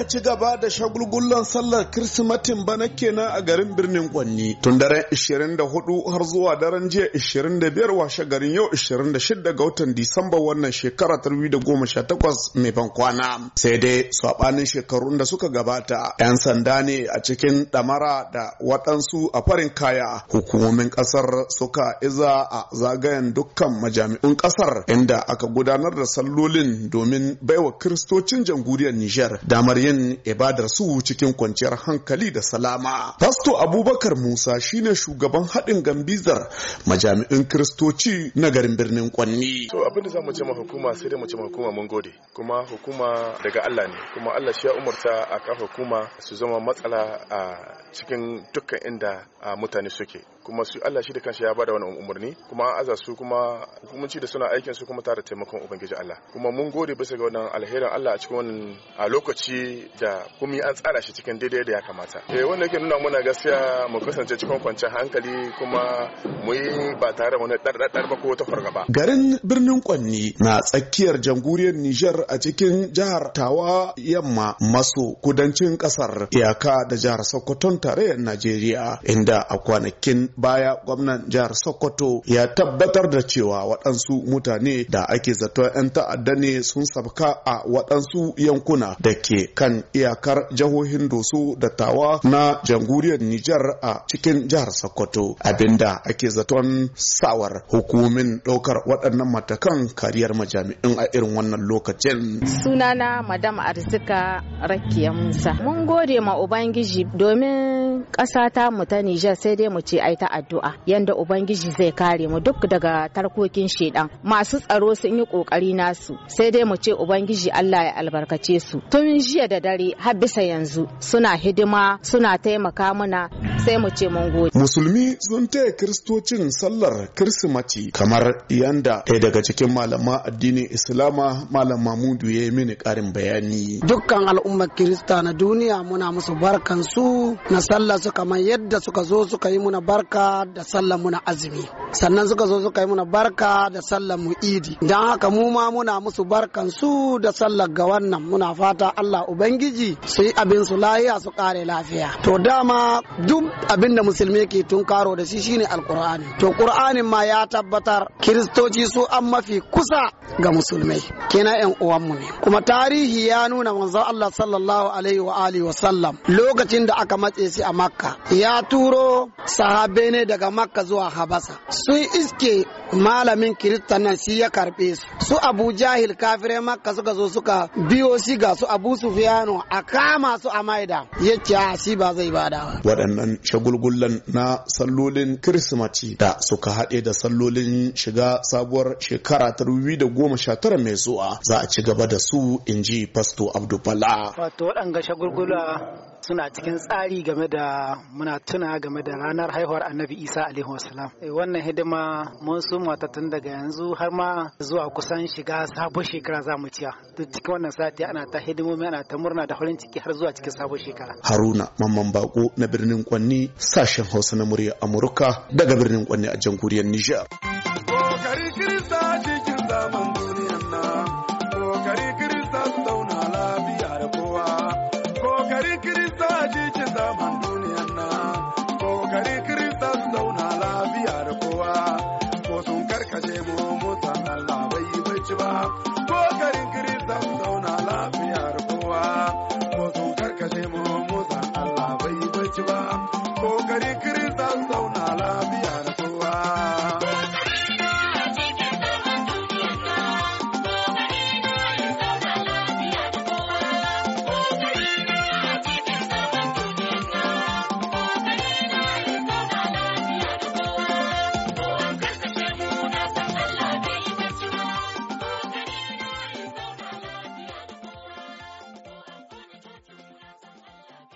aka ci gaba da shagulgullon sallar kirsimatin bana kenan a garin birnin Kwanni tun daren 24 har zuwa daren jiya 25 washe garin yau 26 ga watan Disamba wannan shekara 2018 mai ban kwana. Sai dai saɓanin shekarun da suka gabata 'yan sanda ne a cikin damara da waɗansu a farin kaya hukumomin ƙasar suka iza a zagayen dukkan majami'un ƙasar inda aka gudanar da sallolin domin baiwa kiristocin jamhuriyar Nijar damar yin ibadar su cikin kwanciyar hankali da salama. Fasto Abubakar Musa shine shugaban haɗin gambizar majami'in Kiristoci na garin birnin Kwanni. To abin da zamu ce ma hukuma sai dai mu ce ma hukuma mun gode. Kuma hukuma daga Allah ne. Kuma Allah shi ya umarta a kafa hukuma su zama matsala a cikin dukkan inda mutane suke. kuma su Allah shi da kansa ya bada wannan umarni kuma an aza su kuma hukumunci da suna aikin su kuma tare taimakon ubangiji Allah kuma mun gode bisa ga wannan alherin Allah a cikin wannan a lokaci da kuma an tsara shi cikin daidai da ya kamata eh wanda yake nuna muna gaskiya mu kasance cikin kwanciyar hankali kuma mu yi ba tare da wani ɗarɗar ba ko ta fargaba garin birnin Kwanni na tsakiyar jamhuriyar Nijar a cikin jihar Tawa yamma maso kudancin kasar iyaka da jihar Sokoton tarayyar Najeriya inda a kwanakin baya gwamnan jihar sokoto ya tabbatar da cewa waɗansu mutane da ake zato 'yan ta'adda ne sun sabka a waɗansu yankuna da ke kan iyakar jihohin doso da tawa na janguriyar nijar a cikin jihar sokoto abinda ake zaton sawar hukumin ɗaukar waɗannan matakan kariyar majami'in a irin wannan lokacin sunana madam arzika rakiya musa mun gode ma ubangiji domin ƙasa ta mu ta Nijar sai dai mu ce ai ta addu'a yanda ubangiji zai kare mu duk daga tarkokin shedan masu tsaro sun yi kokari nasu sai dai mu ce ubangiji Allah ya albarkace su tun jiya da dare har bisa yanzu suna hidima suna taimaka mana sai mu ce mun gode musulmi sun taya kristocin sallar kirsimati kamar yanda ɗaya daga cikin malama addinin islama malam mamudu ya yi mini ƙarin bayani dukkan al'ummar kirista na duniya muna musu barkansu na sallah su kamar yadda suka zo suka yi muna barka da sallar muna azumi sannan suka zo suka yi muna barka da sallar mu idi don haka mu ma muna musu barkan su da sallar ga wannan muna fata Allah Ubangiji su yi abin su lahiya su kare lafiya to dama duk Abin da musulmi ke tun karo da shi shine alkur'ani to qur'anin ma ya tabbatar kiristoci su an mafi kusa ga musulmai kenan yan mu ne kuma tarihi ya nuna manzon Allah sallallahu alaihi wa alihi wa sallam lokacin da aka matse shi a makka ya turo sahabe ne daga makka zuwa habasa sun iske malamin kirista nan shi ya karbe su su abu jahil kafire makka suka zo suka biyo shi ga su abu sufiyano a kama su a maida ya ce a shi ba zai bada waɗannan shagulgullan na sallolin kirsimati da suka haɗe da sallolin shiga sabuwar shekara ta da goma sha tara mai zuwa za a ci gaba da su in ji fasto abdulfala wato waɗanga shagulgula suna cikin tsari game da muna tuna game da ranar haihuwar annabi isa alaihi wasalam eh, wannan hidima mun suma ta tun daga yanzu har ma zuwa kusan shiga sabon shekara za mu ciya duk cikin wannan sati ana ta hidimomi ana ta murna da farin ciki har zuwa cikin sabon shekara haruna mamman bako na birnin kwanni sashen hausa na murya amurka daga birnin kwanni a jamhuriyar nijar gare